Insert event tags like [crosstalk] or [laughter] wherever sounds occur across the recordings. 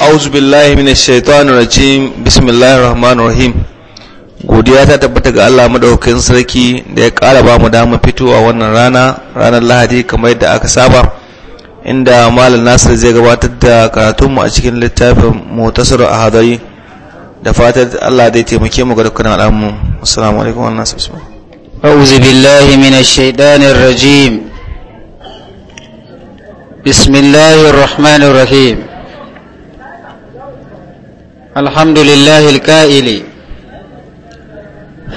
auzu billahi min shaitanir rajim bismillahir rahmanir rahim godiya ta tabbata ga Allah madaukakin sarki da ya ƙara ba mu damar fitowa wannan rana ranar lahadi kamar yadda aka saba inda malam nasir zai gabatar da karatunmu a cikin littafin mutasar a hadari da fatar Allah zai taimake mu ga dukkan al'amu assalamu alaikum wa nasu bismillah أعوذ بالله من الشيطان الرجيم بسم الله الرحمن الرحيم الحمد لله الكائل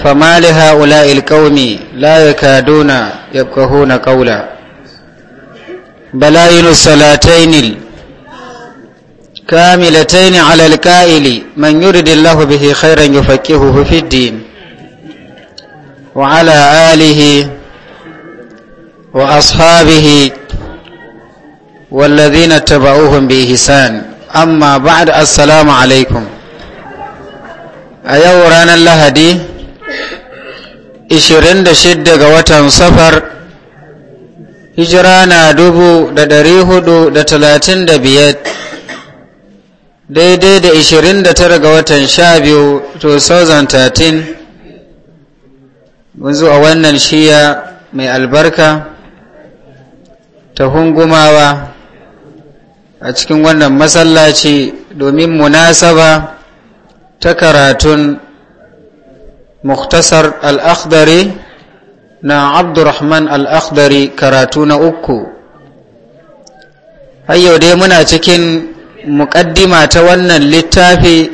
فما لهؤلاء القوم لا يكادون يبكهون قولا بلاين الصلاتين كاملتين على الكائل من يرد الله به خيرا يفكهه في الدين وعلى آله وأصحابه والذين اتبعوهم بإحسان amma da assalamu alaikum a yau ranar lahadi 26 ga watan safar hijira na biyar daidai da 29 ga watan sha biyu 2013 mun zo a wannan shiya mai albarka ta hungumawa a cikin wannan masallaci domin munasaba ta karatun muktasar al'akhdari na abdurrahman al'akhdari karatu na uku yau dai muna cikin muƙaddima ta wannan littafi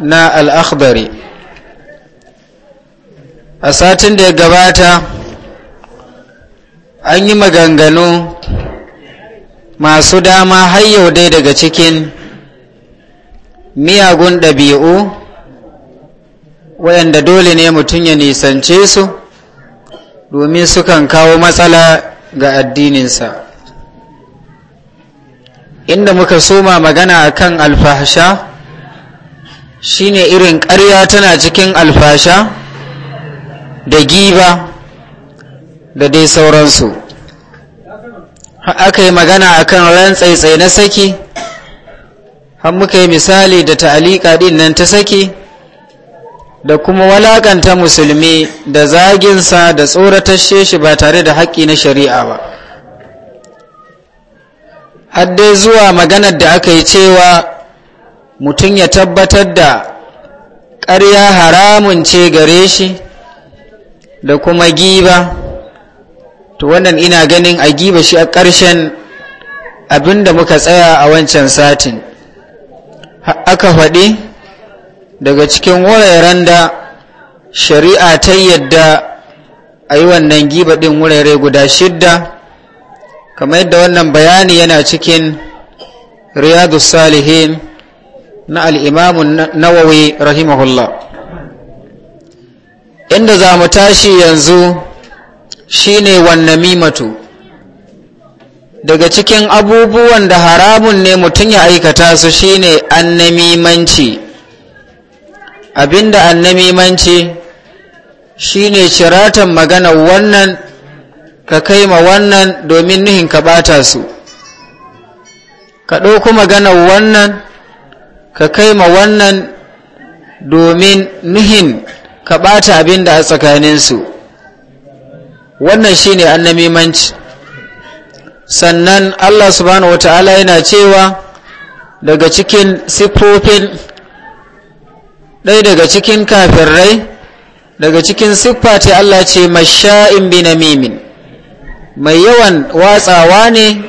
na al'akhdari a satin da ya gabata an yi maganganu masu dama har yau dai daga cikin miyagun ɗabi'u waɗanda dole ne mutum ya nisance su domin sukan kawo matsala ga addininsa inda muka soma magana a akan alfasha shine irin ƙarya tana cikin alfasha da giba da dai sauransu aka yi magana akan tsaitsai na saki har muka yi misali da ta'alika din nan ta saki da kuma walakanta musulmi da zaginsa da tsoratar shi ba tare da haƙƙi na shari'a ba har dai zuwa maganar da aka yi cewa mutum ya tabbatar da ƙarya haramun ce gare shi da kuma giba to wannan ina ganin a giba shi a ƙarshen abinda muka tsaya a wancan satin aka faɗi daga cikin wuraren da shari'a ta yadda a yi wannan giba ɗin wurare guda shidda kamar yadda wannan bayani yana cikin riyadu salihin na alimamu nawawi rahimahullah inda za mu tashi yanzu shine wannamimatu daga cikin abubuwan da haramun ne mutum ya aikata su shine annamimanci abinda annamimanci shine ciratan magana wannan ka kai ma wannan domin nuhin ka bata su ka ɗauko magana wannan ka kai ma wannan domin nuhin ka bata abinda a tsakaninsu wannan shi shine annamimanci sannan Allah subhanahu ta'ala yana cewa daga cikin siffofin ɗaya daga cikin rai daga cikin siffa ce Allah ce masha'in mimin mai yawan watsawa ne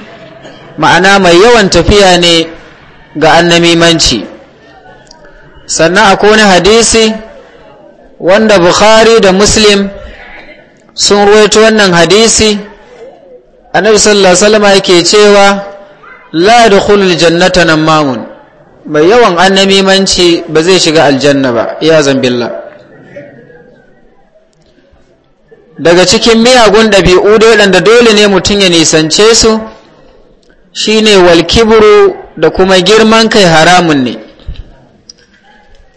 ma'ana mai yawan tafiya ne ga annamimanci sannan akwai wani hadisi wanda bukhari da muslim sun ruwaito wannan hadisi annabi sallallahu alaihi wasallam yake cewa la yadkhulul jannata namamun mai yawan annamimanci ba zai shiga aljanna ba ya zambilla daga cikin miyagun ɗabi'u da waɗanda dole ne mutum ya nisance su shine walkibru da kuma girman kai haramun ne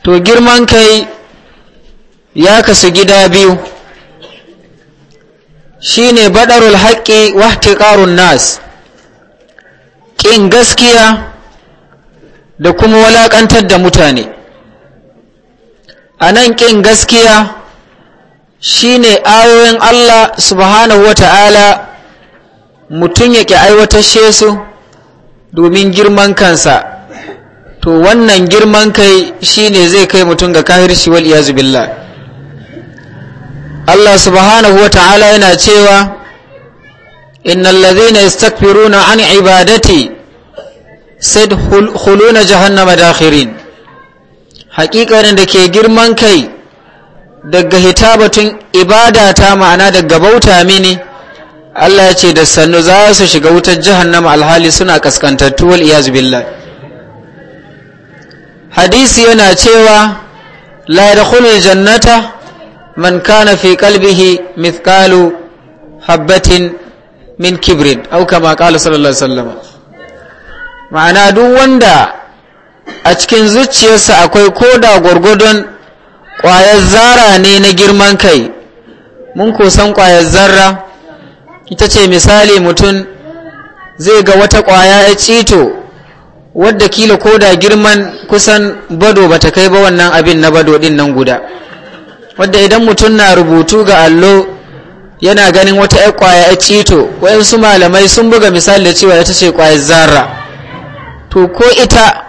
to girman kai ya kasu gida biyu Shi ne baɗarul haƙƙi, wa ƙarun nas ƙin gaskiya da kuma walaƙantar da mutane A nan ƙin gaskiya shi ne ayoyin Allah subhanahu wa ta'ala mutum ya ƙi aiwatar su domin girman kansa to wannan girman kai ne zai kai mutum ga kahirci wal iyazu billah Allah subhanahu wa ta'ala yana cewa innal ladhina yastakbiruna an ibadati said huluna jahannama dakhirin haƙiƙarin da ke girman kai daga hitabatun ibada ta ma'ana daga bauta mini Allah ya ce da sannu za su shiga wutar jahannama alhali suna kaskantattu wal iyaz billah hadisi yana cewa la yadkhulul jannata man kana fi qalbihi mithqalu habbatin min kibrin au kama sallallahu alaihi wasallam ma'ana duk wanda a cikin zuciyarsa akwai koda gwargwadon ƙwayar zara ne na girman kai mun kusan ƙwayar zarra ita ce misali mutum zai ga wata ƙwaya ya cito wadda kila koda girman kusan bado bata kai ba wannan abin na bado din nan guda wadda idan mutum na rubutu ga allo yana ganin wata ya kwaya ya cito malamai sun buga misali da cewa ita ce ƙwayar zarra to ko ita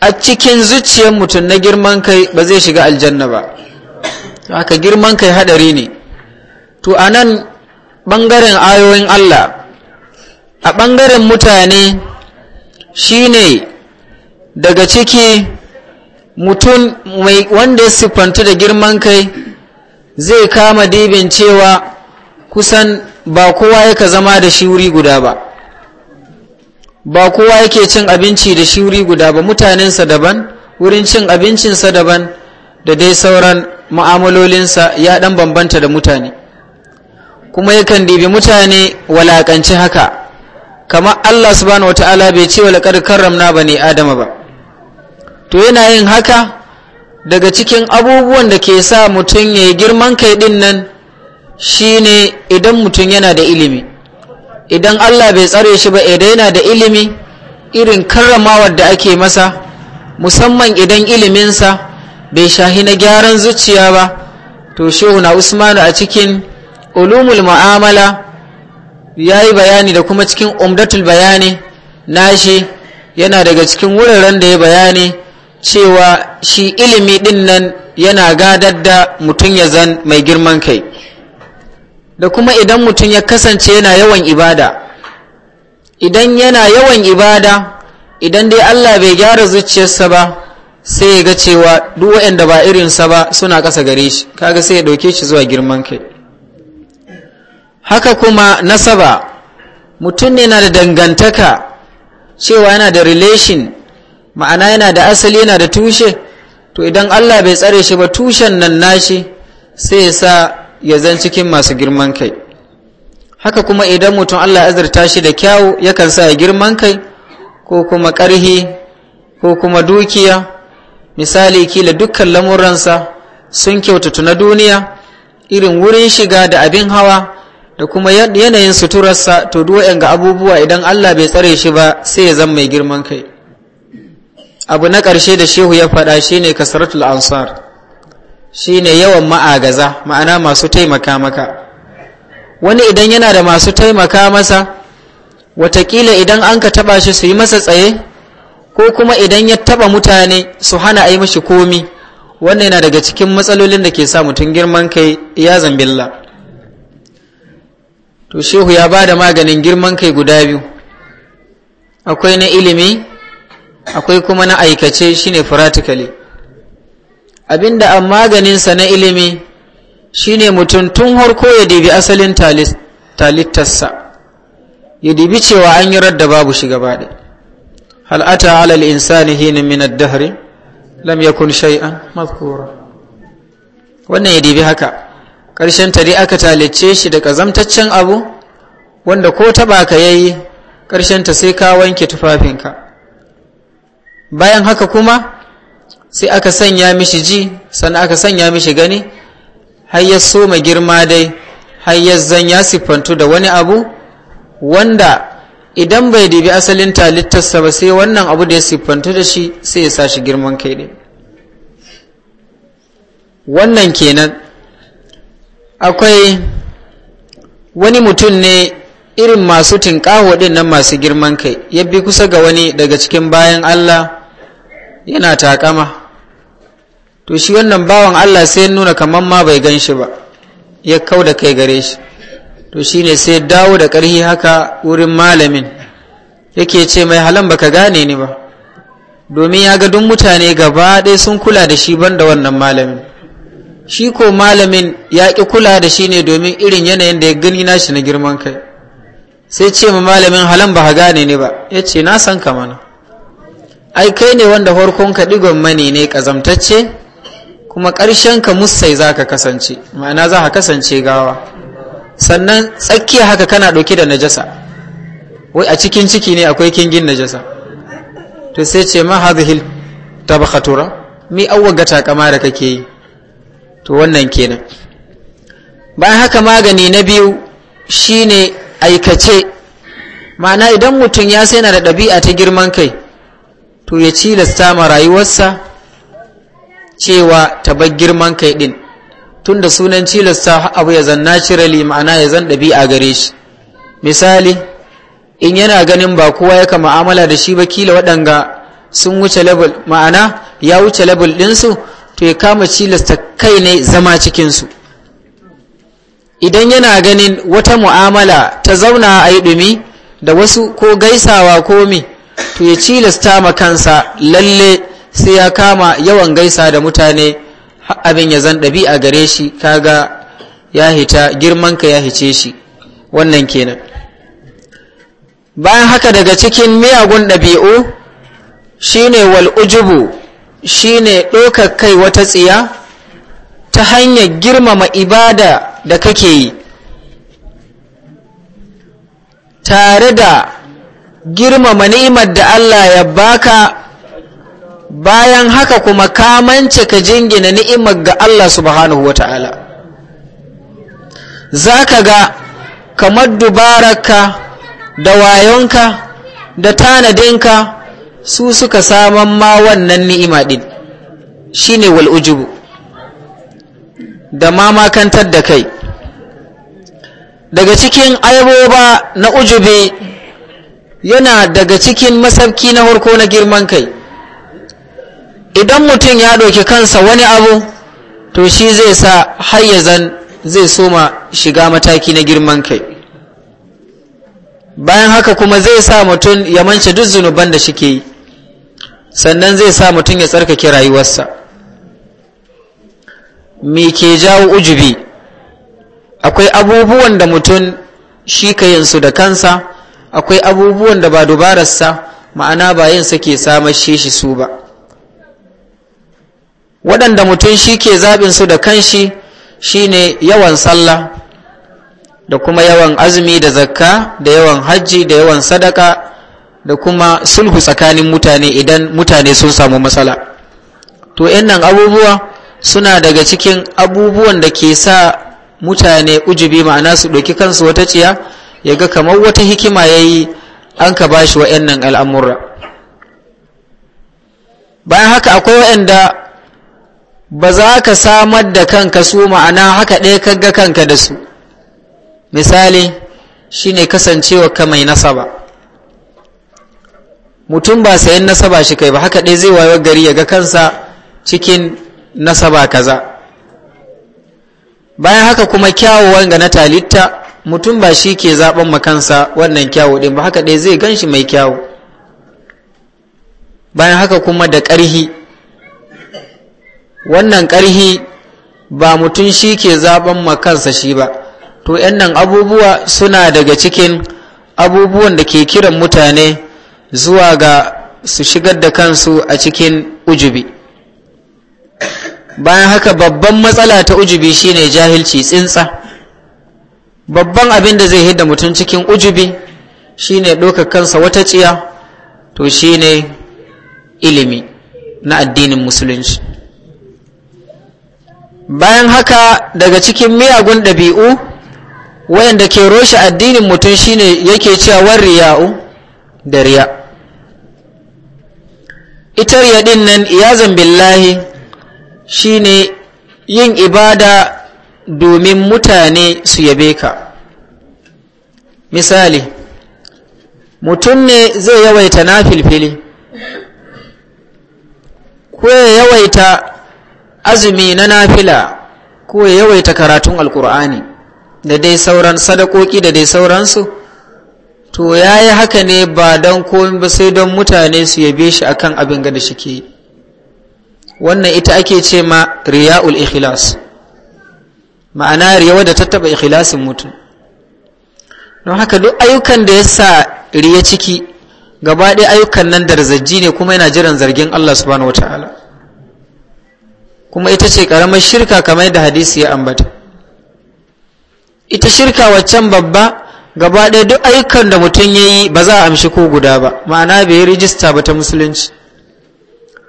a cikin zuciyar mutum na girman kai ba zai shiga aljanna ba to haka girman kai hadari ne to a nan ɓangaren ayoyin Allah a ɓangaren mutane shi ne daga ciki mutum mai wanda ya siffantu da girman kai zai kama dibin cewa kusan ba kowa yaka zama da shi wuri guda ba ba kowa yake cin abinci da shi wuri guda ba mutanensa daban wurin cin abincinsa daban da dai sauran ma'amalolinsa ya dan bambanta da mutane kuma yakan dibi mutane walakanci haka kamar allah subhanahu ta'ala bai ce wa laƙar karramna ba ne adama ba to yana yin haka daga cikin abubuwan da ke sa mutum ya yi girman kai din nan shine idan mutum yana da ilimi idan Allah bai tsare shi ba idan yana da ilimi irin karramawar da ake masa musamman idan iliminsa bai shahi na gyaran zuciya ba to shehuna usmanu a cikin ulumul ma'amala ya yi bayani da kuma cikin umdatul bayani nashi yana daga cikin wuraren da ya bayani cewa shi ilimi ɗin nan yana gadar da mutum ya zan mai girman kai da kuma idan mutum ya kasance yana yawan ibada idan yana yawan ibada idan dai allah bai gyara zuciyarsa ba sai ya ga cewa duk waɗanda ba irinsa ba suna ƙasa gare shi kaga sai ya ɗauke shi zuwa girman kai haka kuma nasaba mutum ne na da dangantaka cewa yana da relation ma'ana yana da asali yana da tushe to idan Allah bai tsare shi ba tushen nan nashi sai ya sa ya zan cikin masu girman kai haka kuma idan mutum Allah azurta shi da kyawu yakan sa ya girman kai ko kuma ƙarhi ko kuma dukiya misali kila dukkan lamuransa sun kyautatu na duniya irin wurin shiga da abin hawa da kuma yanayin suturarsa to duwa'yan ga abubuwa idan Allah bai tsare shi ba sai ya zan mai girman kai abu na ƙarshe da shehu ya faɗa shi ne kasratul ansar ne yawan ma'agaza ma'ana masu taimaka maka wani idan yana da masu taimaka masa watakila idan an ka taɓa shi su yi masa tsaye ko kuma idan ya taɓa mutane su hana a yi mashi komi wannan yana daga cikin matsalolin da ke sa mutum girman kai ya zambilla to shehu ya ba da maganin girman kai guda biyu akwai na ilimi akwai kuma na aikace shine practically abinda a maganinsa na ilimi shine mutum tun harko ya dibi asalin talittarsa ya dibi cewa an yi da babu shi gaba hal'ata alal insani hinin minar dahari lam yakun shay'an mazkura wannan ya dibi haka ƙarshen tare aka talice shi da ƙazamtaccen abu wanda ko taba ka yayi ƙarshen ta sai ka wanke tufafinka bayan haka kuma sai aka sanya mishi ji sannan aka sanya mishi gani har ya soma girma dai har ya zan ya siffantu da wani abu wanda idan bai dibi asalin talittarsa ba sai wannan abu da ya siffantu da shi sai ya sa shi girman kai ne wannan kenan akwai wani mutum ne irin masu tinƙaho ɗin nan masu girman kai ya bi kusa ga wani daga cikin bayan allah yana takama to shi wannan bawan Allah sai nuna kamar ma bai gan shi ba ya kau da kai gare shi to shine sai dawo da ƙarhi haka wurin malamin yake ce mai halan baka gane ni ba domin ya ga duk mutane gaba ɗaya sun kula da shi banda wannan malamin shi ko malamin ya ƙi kula da shi ne domin irin yanayin da ya gani nashi na girman kai sai ce ma malamin halan ba gane ni ba ya ce na san ka mana ai kai ne wanda farkon ka digon mani ne kazamtacce kuma karshen ka musai za ka kasance ma'ana za ka kasance gawa sannan tsakiya haka kana ɗauke da najasa wai a cikin ciki ne akwai kingin najasa to sai ce ma hadhil tabakhatura mi awwaga takama da kake yi to wannan kenan bayan haka magani na biyu shine aikace ma'ana idan mutum ya sai na da ɗabi'a ta girman kai to ya cilasta ma rayuwarsa cewa ta bar girman kai din tun da sunan cilasta abu ya zan naturally ma'ana ya zan ɗabi'a gare shi misali in yana ganin ba kowa ya mu'amala da shi ba kila waɗanga sun wuce level ma'ana ya wuce level su to ya kama cilasta kai ne zama cikin su idan yana ganin wata mu'amala ta zauna a yi ɗumi da wasu ko gaisawa ko mi to ya cilasta ma kansa lalle sai ya kama yawan gaisa da mutane abin ya zan ɗabi'a gare shi kaga ya hita girmanka ya hice shi wannan kenan bayan haka daga cikin miyagun ɗabi'u shine wal ujubu shine ɗaukar kai wata tsiya ta hanyar girmama ibada da kake yi tare da girmama ni'imar da Allah ya baka bayan haka kuma kamance ka jingina ni'imar ga Allah subhanahu wa ta'ala za ka ga kamar dubararka da wayonka da tanadinka su suka saman ma wannan ni'ima ɗin shi ne wal'ujubu da ma makantar da kai daga cikin aiboba na ujube yana daga cikin masabki na harko na girman kai idan mutum ya ɗauki kansa wani abu to shi zai sa hayyazan zai soma shiga mataki na girman kai bayan haka kuma zai sa mutum ya mance duk zunuban da shi ke yi sannan zai sa mutum ya tsarkake rayuwarsa me ke jawo ujubi akwai abubuwan da mutum shi ka yinsu da kansa akwai abubuwan da ba dubararsa ma'ana ba yin ke samashe shi su ba waɗanda mutum shi ke zaɓin su da kanshi shine yawan sallah da kuma yawan azumi da zakka da yawan hajji da yawan sadaka da kuma sulhu tsakanin mutane idan mutane sun samu matsala to nan abubuwa suna daga cikin abubuwan da ke sa mutane ujubi ma'ana su ɗauki kansu wata ciya Yaga kamar wata hikima ya yi an ka bashi wa'annan al'amura bayan haka akwai wa'anda ba za ka samar da kanka su ma'ana haka ɗaya kaga kanka da su misali shine kasancewa ka mai nasaba mutum ba sayan nasaba shi kai ba haka ɗaya zai wayo gari yaga kansa cikin nasaba kaza bayan haka kuma kyawawan ga na talitta mutum ba shi ke zaben makansa wannan kyawu ɗin ba haka ɗaya zai gan shi mai kyawu bayan haka kuma da ƙarhi wannan ƙarhi ba mutum shi ke zaben makansa shi ba to nan abubuwa suna daga cikin abubuwan da ke kiran mutane zuwa ga su shigar da kansu a cikin ujubi bayan haka babban matsala ta ujubi shine jahilci tsintsa babban abin da zai hidda mutum cikin ujubi shine ɗaukar kansa wata tsiya to shine ilimi na addinin musulunci bayan haka daga cikin miyagun ɗabi'u wayanda ke roshe addinin mutum shine yake cewa riya'u da riya ita riya din nan iyazan billahi shine yin ibada domin mutane su yabe ka misali mutum ne zai yawaita na filfili ko ya yawaita azumi na nafila ko ya yawaita karatun alkur'ani da dai sauran sadakoki da dai sauransu to ya yi haka ne ba don komi ba sai don mutane su yabe shi akan abin gada shi ke wannan ita ake ce ma riya'ul ikhlas ma'ana riya da ta taba ikhlasin mutum don haka duk ayyukan da ya sa riya ciki gaba ɗaya ayyukan nan darzajji ne kuma yana jiran zargin Allah subhanahu wataala kuma ita ce karamar shirka kamar da hadisi ya ambata ita shirka waccan babba gaba ɗaya duk ayyukan da mutum ya yi ba za a amshi ko guda ba ma'ana bai yi rijista ba ta musulunci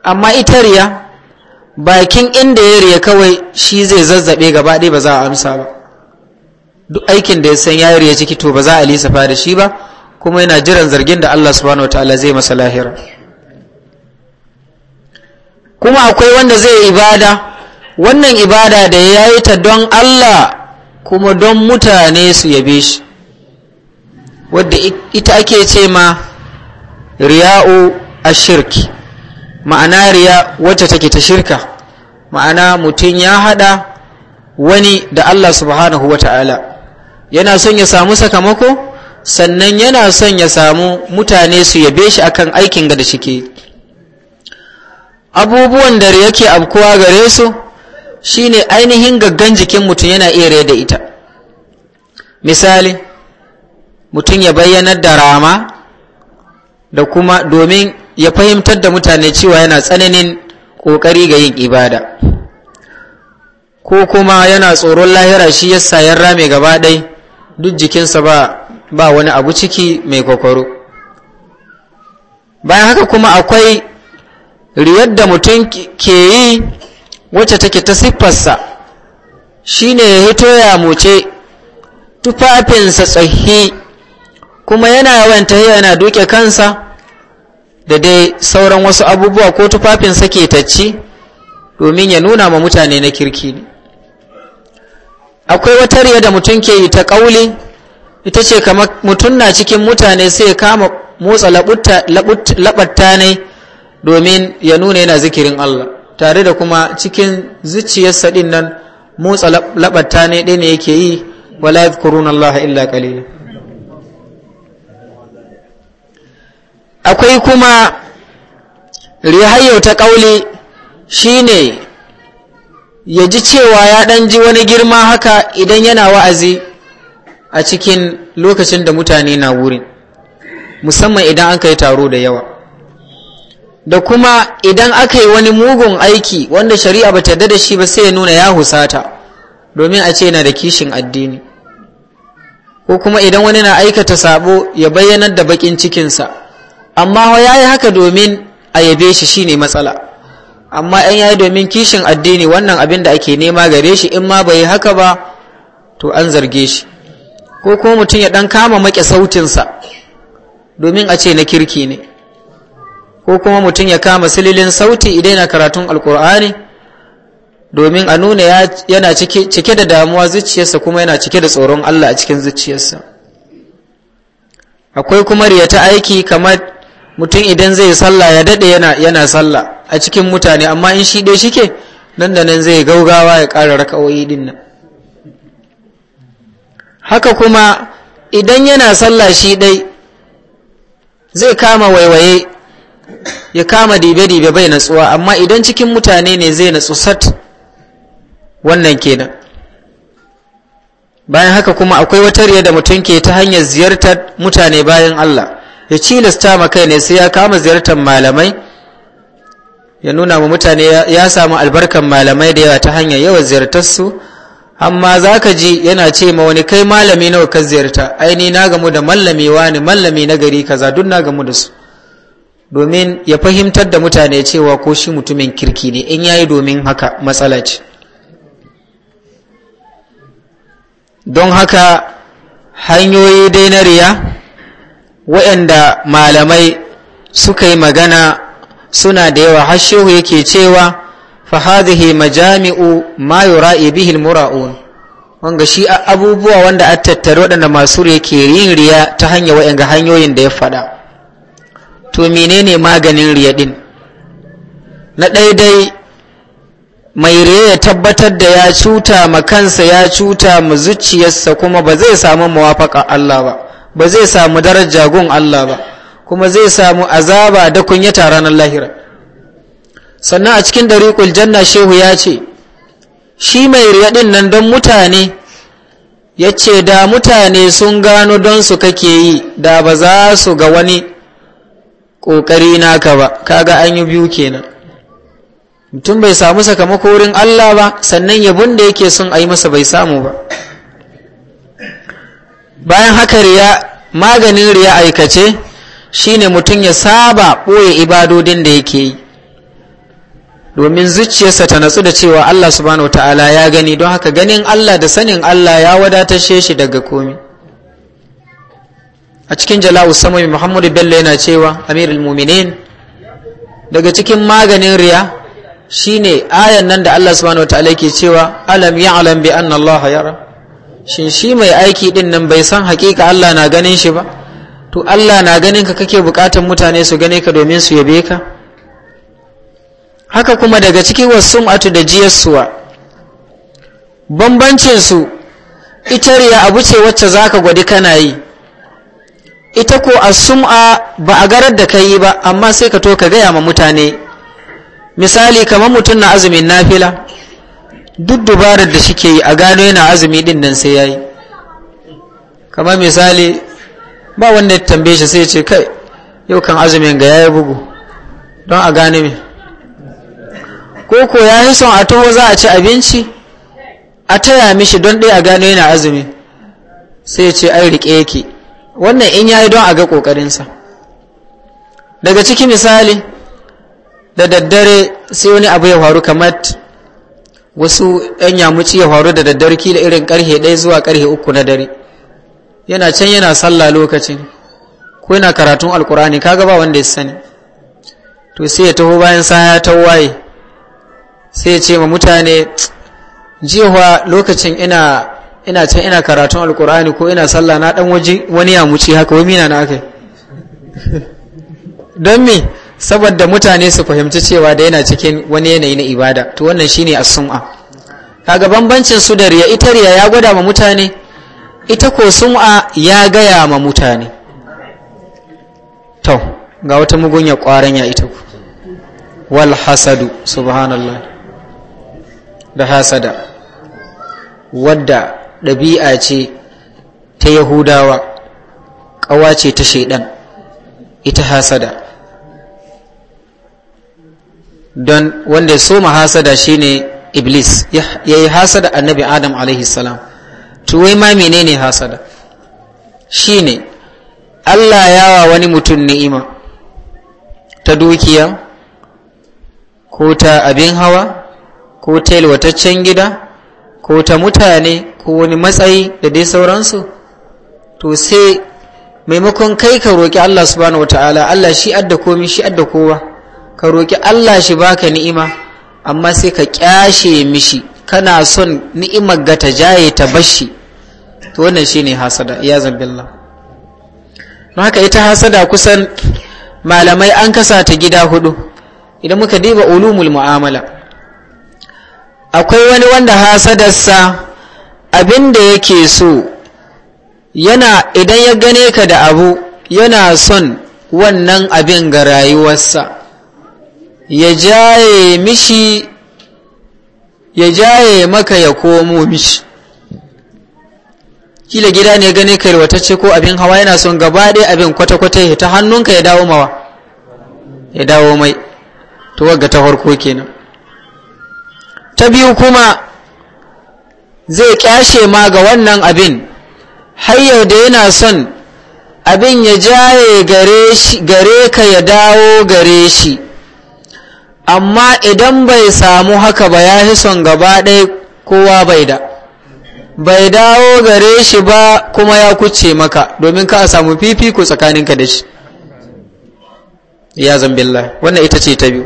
amma ita riya bakin inda ya riya kawai shi zai zazzabe gaba ɗaya ba za a amsa ba duk aikin da ya san ya riya ciki to ba za a fa da shi ba kuma yana jiran zargin da Allah subhanahu wataala zai masa lahira kuma akwai wanda zai ibada wannan ibada da ya yi ta don Allah kuma don mutane su yabe shi wadda ita ake ce ma riya'u ashirki ma'ana riya wacce take ta shirka ma'ana mutum ya hada wani da Allah subhanahu wata'ala yana son ya samu sakamako sannan yana son ya samu mutane su yabe shi akan aikin ga da shike abubuwan da yake abkuwa gare su shine ainihin gaggan jikin mutum yana iya da ita misali mutum ya bayyanar da rama da kuma domin ya fahimtar da mutane cewa yana tsananin ƙoƙari ga yin ibada ko kuma yana tsoron lahira shi ya sayan rame gaba ɗai duk jikinsa ba ba wani abu ciki mai kwakwaro bayan haka kuma akwai riyar da mutum ke yi wacce take ta siffarsa shi ne ya hito ya muce tufafinsa tsahi kuma yana yawan tahiya yana duke kansa da dai sauran wasu abubuwa ko tufafin sake tacci domin ya nuna ma mutane na kirki ne akwai wata riya da mutum ke yi ta ƙauli ita ce kamar mutum na cikin mutane sai ya kama motsa laɓatta ne domin ya nuna yana zikirin Allah tare da kuma cikin zuciyarsa ɗin nan motsa laɓatta ne ɗaya ne yake yi wala yadhkuruna Allah illa qalila akwai kuma rihayyau ta ƙauli shine ya ji cewa ya ɗan ji wani girma haka idan yana wa'azi a cikin lokacin da mutane na wurin musamman idan an yi taro da yawa da kuma idan aka yi wani mugun aiki wanda shari'a ba ta da shi ba sai ya nuna ya husata domin a ce yana da kishin addini ko kuma idan wani na aikata sabo ya bayyanar da bakin cikinsa amma ya yi haka domin a yabe shi shine matsala amma in yayi domin kishin addini wannan abin da ake nema gare shi in ma bai haka ba to an zarge shi ko ko mutum ya ɗan kama make sautinsa domin a ce na kirki ne ko kuma mutum ya kama sililin sauti idan yana karatun alkur'ani domin a nuna yana cike da damuwa zuciyarsa kuma yana cike da tsoron Allah a cikin zuciyarsa akwai kuma riya ta aiki kamar mutum idan zai sallah ya daɗe yana yana sallah a cikin mutane amma in shi ɗaya shike nan da nan zai gaugawa ya ƙara raka'o'i din nan haka kuma idan yana sallah shi dai zai kama waiwaye ya kama dibe-dibe bai natsuwa amma idan cikin mutane ne zai natsu sat wannan kenan bayan haka kuma akwai wata riya da mutum ke ta hanyar ziyartar mutane bayan Allah ya cilasta ma kai ne sai ya kama ziyartar malamai ya nuna ma mutane ya samu albarkan malamai da yawa ta hanyar yawan ziyartarsu amma za ka ji yana ce ma wani kai malami nawa ka ziyarta aini na gamu da mallami wani mallami na gari kaza duk na gamu da su domin ya fahimtar da mutane cewa ko shi mutumin kirki ne in yayi domin haka matsala ce don haka hanyoyi dai na riya waɗanda malamai suka yi magana suna da yawa hashehu yake cewa fahadihi majami'u ma yura'i bihi mura'un wanga shi abubuwa wanda a tattare waɗanda masu yake yin riya ta hanya waɗanda hanyoyin da ya faɗa to menene maganin riya din? na ɗaiɗai mai riya ya tabbatar da ya cuta ma kansa ya cuta ma zuciyarsa kuma ba zai samu mawafaka Allah ba ba zai samu daraja gun Allah ba kuma zai samu azaba da kunyata ranar lahira sannan a cikin dariƙul janna shehu ya ce shi mai riyaɗin nan don mutane ya ce da mutane sun gano don su kake yi da ba za su ga wani ƙoƙari naka ba kaga an yi biyu kenan mutum bai samu sakamako wurin Allah ba sannan yabun da yake son a yi masa bai samu ba bayan haka riya maganin riya aikace shine mutum ya saba ɓoye ibadodin da yake yi domin zuciyarsa ta natsu da cewa Allah subhanahu wataala ya gani don haka ganin Allah da sanin Allah ya wadatashe shi daga komi a cikin jala'u samami muhammadu bello yana cewa amirul muminin daga cikin maganin riya shine ayan nan da Allah subhanahu wataala ke cewa alam ya'lam bi anna Allah yara shin shi mai aiki din nan bai san hakika Allah na ganin shi ba to Allah na ganin ka kake bukatan mutane su gane ka domin su yabe ka haka kuma daga cikin sumatu da jiyassuwa bambancin su ita riya abu ce wacce zaka gwadi kana yi ita ko asum'a ba a garar da kai ba amma sai ka to ka gaya ma mutane misali kamar mutum na azumin nafila duk dubarar da suke yi a gano yana azumi din nan sai yayi kamar misali ba wanda ya tambaye shi sai ce kai yau kan azumin ga yayi bugu don a gane me ko ko yayi son a taho za a ci abinci a taya mishi don dai a gano yana azumi sai ce ai rike yake wannan in yayi don a ga kokarinsa daga ciki misali da daddare sai wani abu ya faru kamar wasu yan yamuci ya faru da daddare kila irin karhe ɗaya zuwa karhe uku na dare yana can yana sallah lokacin ko yana karatun alkur'ani kaga ba wanda ya sani to sai ya taho bayan sa ya tawaye sai ya ce ma mutane jiya lokacin ina ina can ina karatun alkur'ani ko ina sallah na dan waje wani ya muci haka wai mina na akai [laughs] don me saboda mutane su fahimci cewa da yana cikin wani yanayi na ibada to wannan shine as-sum'a kaga bambancin su da riya ita riya ya gwada ma mutane ita ko sum'a ya gaya ma mutane to ga wata mugunya kwaran ya ita ku wal hasadu subhanallah da hasada wadda ɗabi'a ce ta yahudawa ƙawa ce ta shaidan ita hasada don wanda so hasada shine iblis ya yi hasada annabi adam alaihi salam to ma menene hasada shine allah yawa wani mutum ni'ima ta dukiya ko ta abin hawa ko ta yalwataccen gida ko ta mutane ko wani matsayi da dai sauransu to sai maimakon kai ka roƙi allah subhanahu wa ta'ala allah shi adda komi shi adda kowa ka roƙi Allah shi baka ni'ima amma sai ka kyashe mishi kana son ni'imar ga ta jaye ta bashi to wannan shine hasada ya zambillah don haka ita hasada kusan malamai an kasa ta gida hudu idan muka diba ulumul mu'amala akwai wani wanda hasadarsa abinda yake so yana idan ya gane ka da abu yana son wannan abin ga rayuwarsa ya jaye mishi ya maka ya komo mishi kila gida ne gane kai ce ko abin hawa yana son gaba ɗaya abin kwata-kwata ta hannunka ya dawo mawa ya dawo mai to wagga ta farko kenan ta biyu kuma zai kyashe ma ga wannan abin hayyau da yana son abin ya jaye gare ka ya dawo gare shi amma idan bai samu haka ba ya fi son gaba ɗaya kowa bai da bai dawo gare shi ba kuma ya kuce maka domin ka a samu fifiko tsakaninka da shi ya zambilla wannan ita ce ta biyu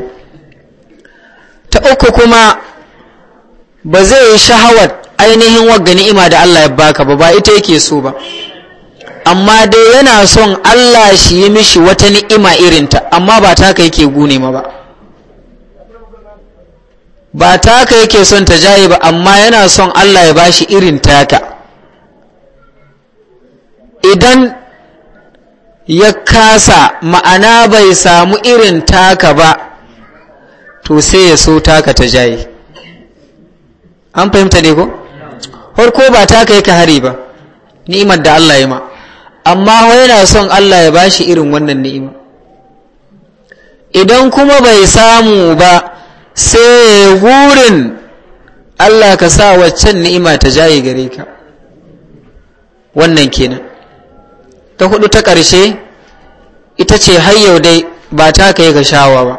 ta uku kuma ba zai yi shahawar ainihin wagga ni'ima da Allah ya baka ba ba ita yake so ba amma dai yana son Allah shi yi mishi wata ni'ima irinta amma ba ta ka yake gune ma ba ba taka yake son ta jaye ba amma yana son Allah ya bashi irin taka idan ya kasa ma'ana bai samu irin taka ba to sai ya so taka ta jaye an fahimta ne ko? ko ba taka yake hari ba ni'imar da Allah ya ma amma yana son Allah ya bashi irin wannan ni'ima idan kuma bai samu ba sai gurin Allah ka sa waccan ni'ima ta jaye gare ka wannan kenan ta hudu ta ƙarshe ita ce har yau dai ba ta kai ga shawa ba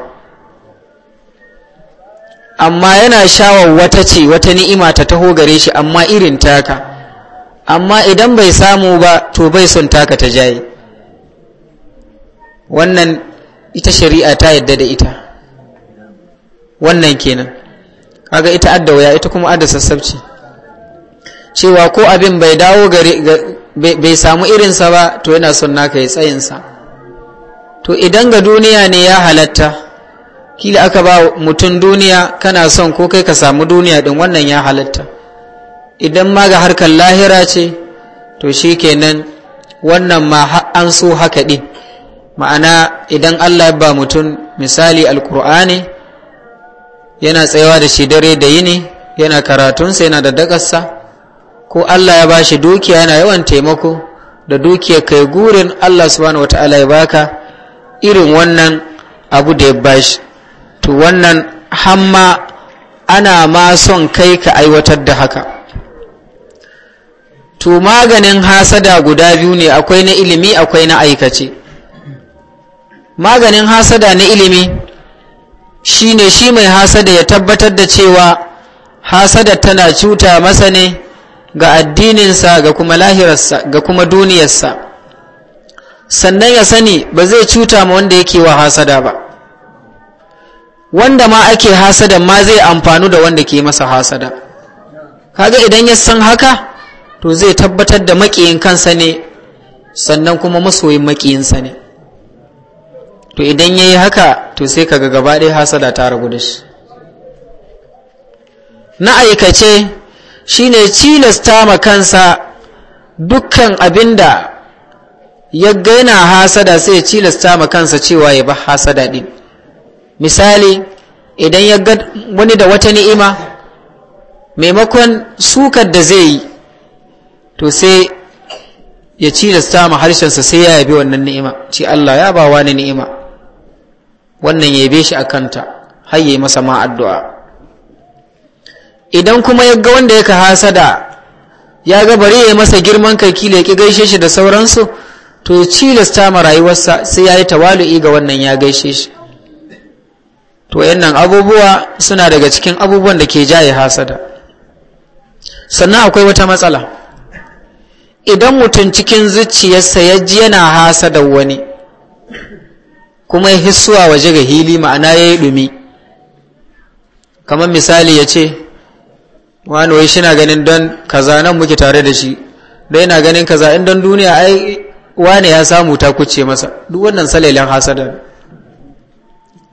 amma yana shawar wata ce wata ni'ima ta taho gare shi amma irin taka amma idan bai samu ba to bai son taka ta jaye wannan ita shari'a ta yadda da ita wannan kenan kaga ita adda waya ita kuma adda sassabci cewa ko abin bai dawo gare bai samu sa ba to yana son naka ya tsayinsa to idan ga duniya ne ya halatta kila aka ba mutum duniya kana son ko kai ka samu duniya din wannan ya halatta idan ma ga harkar lahira ce to shikenan wannan ma an so haka din ma'ana idan allah ba mutum misali alkur'ani yana tsayawa da shi dare da yini yana karatunsa yana da dagarsa ko Allah ya bashi dukiya yana yawan taimako da dukiya kai gurin Allah subhanahu wata'ala ya baka irin wannan abu da ya bashi to wannan hamma ana ma son kai ka aiwatar da haka to maganin hasada guda biyu ne akwai na ilimi akwai na aikace maganin hasada na ilimi Shi ne shi mai hasada ya tabbatar da cewa hasada tana cuta masa ne ga addininsa ga kuma lahirarsa ga kuma duniyarsa sannan ya sani ba zai cuta ma wanda yake wa hasada ba wanda ma ake hasada ma zai amfanu da wanda ke masa hasada kaga idan ya san haka to zai tabbatar da maƙiyin kansa ne sannan kuma masoyin maƙiyinsa ne to idan ya yi haka to sai kaga gaba ɗaya hasada ta ragu da shi na aikace shine cilasta ma kansa dukkan abinda ya gaina hasada sai ya cilasta ma kansa cewa ya ba hasada din misali idan ya ga wani da wata ni'ima maimakon sukar da zai yi to sai ya cilasta ma harshensa sai ya yabi wannan ni'ima ce Allah ya ba wani ni'ima wannan yabe shi a kanta har yi masa ma addu'a idan kuma ya ga wanda yaka hasada ya ga bari ya yi masa girman kai kila ya ki gaishe shi da sauransu to cilasta ma rayuwarsa sai ya yi tawalu'i ga wannan ya gaishe shi to yannan abubuwa suna daga cikin abubuwan da ke jaye hasada sannan akwai wata matsala idan mutum cikin zuciyarsa ya ji yana hasada wani kuma ya hissuwa waje ga hili ma'ana ya yi ɗumi kamar misali ya ce wani wai shi na ganin don kaza nan muke tare da shi don yana ganin kaza in don duniya ai wane ya samu ta kuce masa duk wannan salailan hasada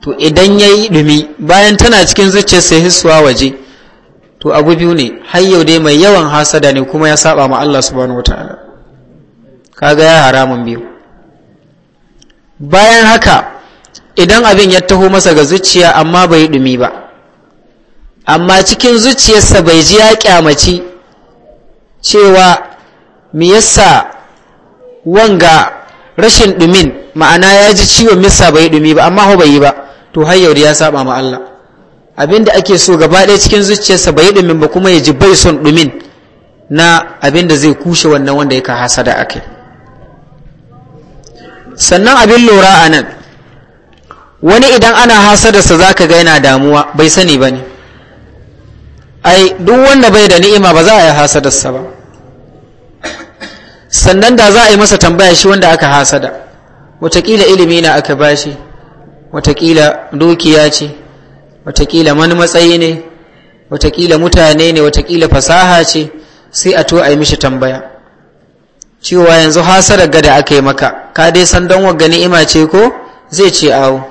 to idan ya yi ɗumi bayan tana cikin zuciyar sai hissuwa waje to abu biyu ne har yau dai mai yawan hasada ne kuma ya saba ma Allah subhanahu wataala kaga ya haramun biyu bayan haka idan abin ya taho masa ga zuciya amma bai dumi ba amma cikin zuciyarsa bai ji ya kyamaci cewa me yasa wanga rashin dumin ma'ana ya ji ciwon misa bai dumi ba amma bai yi ba to har yau ya saba ma Allah abinda ake so gaba ɗaya cikin zuciyarsa bai dumin ba kuma ya ji bai son dumin na abin da zai kushe wannan wanda yake hasada akai sannan abin lura a nan wani idan ana hasadarsa za ka ga yana damuwa bai sani ba ne ai duk wanda bai da ni'ima ba za a yi hasadarsa ba sannan da za a yi masa tambaya shi wanda aka hasada watakila ilimi na aka bashi watakila dukiya ce watakila wani matsayi ne watakila mutane ne watakila fasaha ce sai a to a yi mishi tambaya cewa yanzu hasarar gada aka yi maka ka dai san don wagga ni'ima ce ko zai ce awo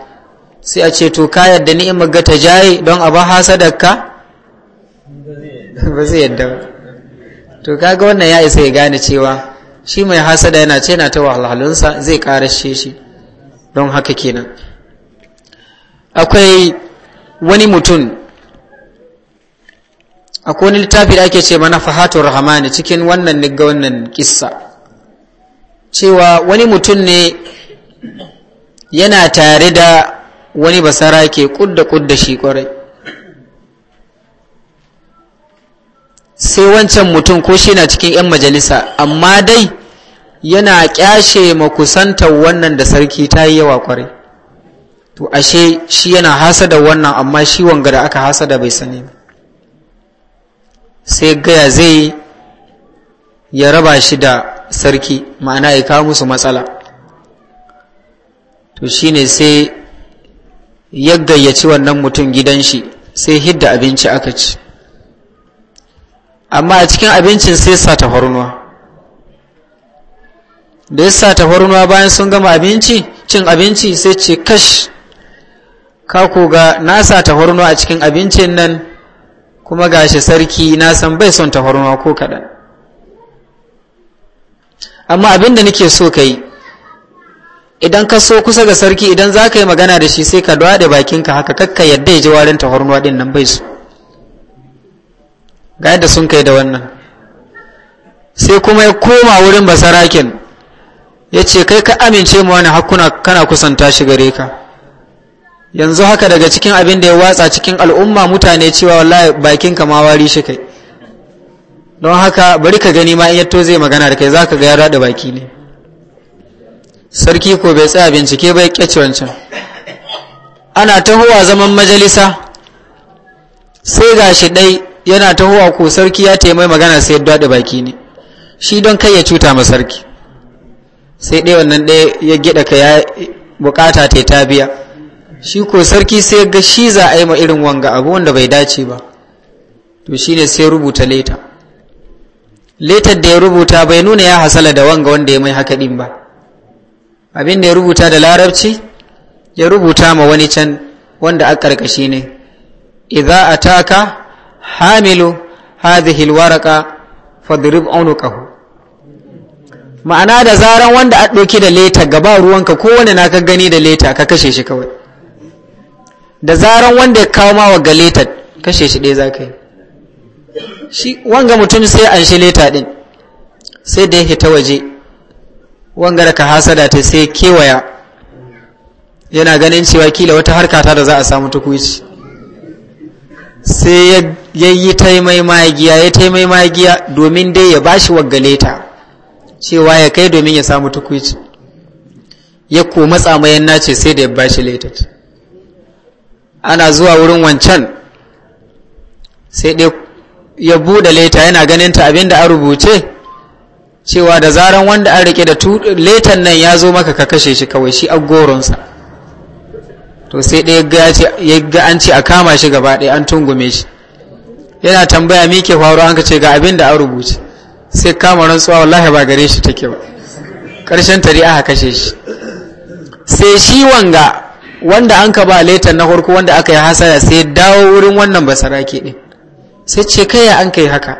sai a ce to ka yadda ni'imar ga ta jaye don a ba hasadarka ba zai yadda ba to kaga wannan ya isa ya gane cewa shi mai hasada yana ce na ta wahalhalunsa zai karashe shi don haka kenan akwai wani mutum akwai wani littafi da ake ce mana fahatun rahamani cikin wannan nigga wannan kissa cewa wani mutum ne yana tare da wani basara ke kudda kudda shi kwarai sai wancan mutum ko shi na cikin 'yan majalisa amma dai yana kyashe makusantar wannan da sarki ta yi yawa kwarai to ashe shi yana hasada wannan amma shi wanga da aka hasada bai sani ba sai gaya zai ya raba shi da sarki ma'ana ya kawo musu matsala to shine sai ya gayyaci wannan mutum gidan shi sai hidda abinci aka ci amma a cikin abincin sai sa ta hornuwa da ya sa ta hornuwa bayan sun gama abinci cin abinci sai ce kash ka ga na sa ta hornuwa a cikin abincin nan kuma gashi sarki na san bai son ta hornuwa ko kaɗan amma abinda nake so ka yi idan ka so kusa ga sarki idan za ka yi magana da shi sai ka dawa da bakinka haka kakka yadda ya ji warin tahornuwa din nan bai su ga yadda sun kai da wannan sai kuma ya koma wurin basarakin ya ce kai ka amince mu wani hakuna kana kusanta shi gare ka yanzu haka daga cikin abin da ya watsa cikin al'umma mutane cewa wallahi bakinka ma wari shi kai don haka bari ka gani ma in yato zai magana da kai za ka ga ya rada baki ne sarki ko bai tsaya bincike bai kyace wancan ana tahowa zaman majalisa sai ga shi ɗai yana tahowa ko sarki ya taimai magana sai ya da baki ne shi don kai ya cuta ma sarki sai ɗaya wannan ɗaya ya gida ka ya bukata ta ta biya shi ko sarki sai ga shi za a yi ma irin wanga abu wanda bai dace ba to shine sai rubuta leta letar da ya rubuta bai nuna ya hasala da wanga wanda ya mai haka din ba abin da ya rubuta da larabci ya rubuta ma wani can wanda a ƙarƙashi ne idza ataka hamilu hadhihi alwaraqa fadrib unuqahu ma'ana da zaran wanda a ɗauki da leta gaba ruwanka kowane na ka gani da leta ka kashe shi kawai da zaran wanda ya kawo ma ga letar kashe shi ɗaya za ka yi shi wanga mutum sai an shi leta din sai da yake ta waje wanga da ka hasada ta sai kewaya yana ganin cewa kila wata harka ta da za a samu tukuici sai ya yi taimai magiya ya taimai magiya domin dai ya bashi wagga leta, cewa ya kai domin ya samu tukuici ya koma tsamayen nace sai da ya bashi leta, ana zuwa wurin wancan sai dai ya buɗe leta yana ganin ta abin da an rubuce cewa da zaran wanda an rike da letan nan ya zo maka ka kashe shi kawai shi agoronsa to sai ɗaya ya ga an ce a kama shi gaba ɗaya an tungume shi yana tambaya mi ke faru an ka ce ga abin da an rubuce sai kama rantsuwa wallahi ba gare shi take ba ƙarshen tari aka kashe shi sai shi wanga wanda an ka ba letan na farko wanda aka yi hasara sai dawo wurin wannan basarake ɗin sai ce kai an kai haka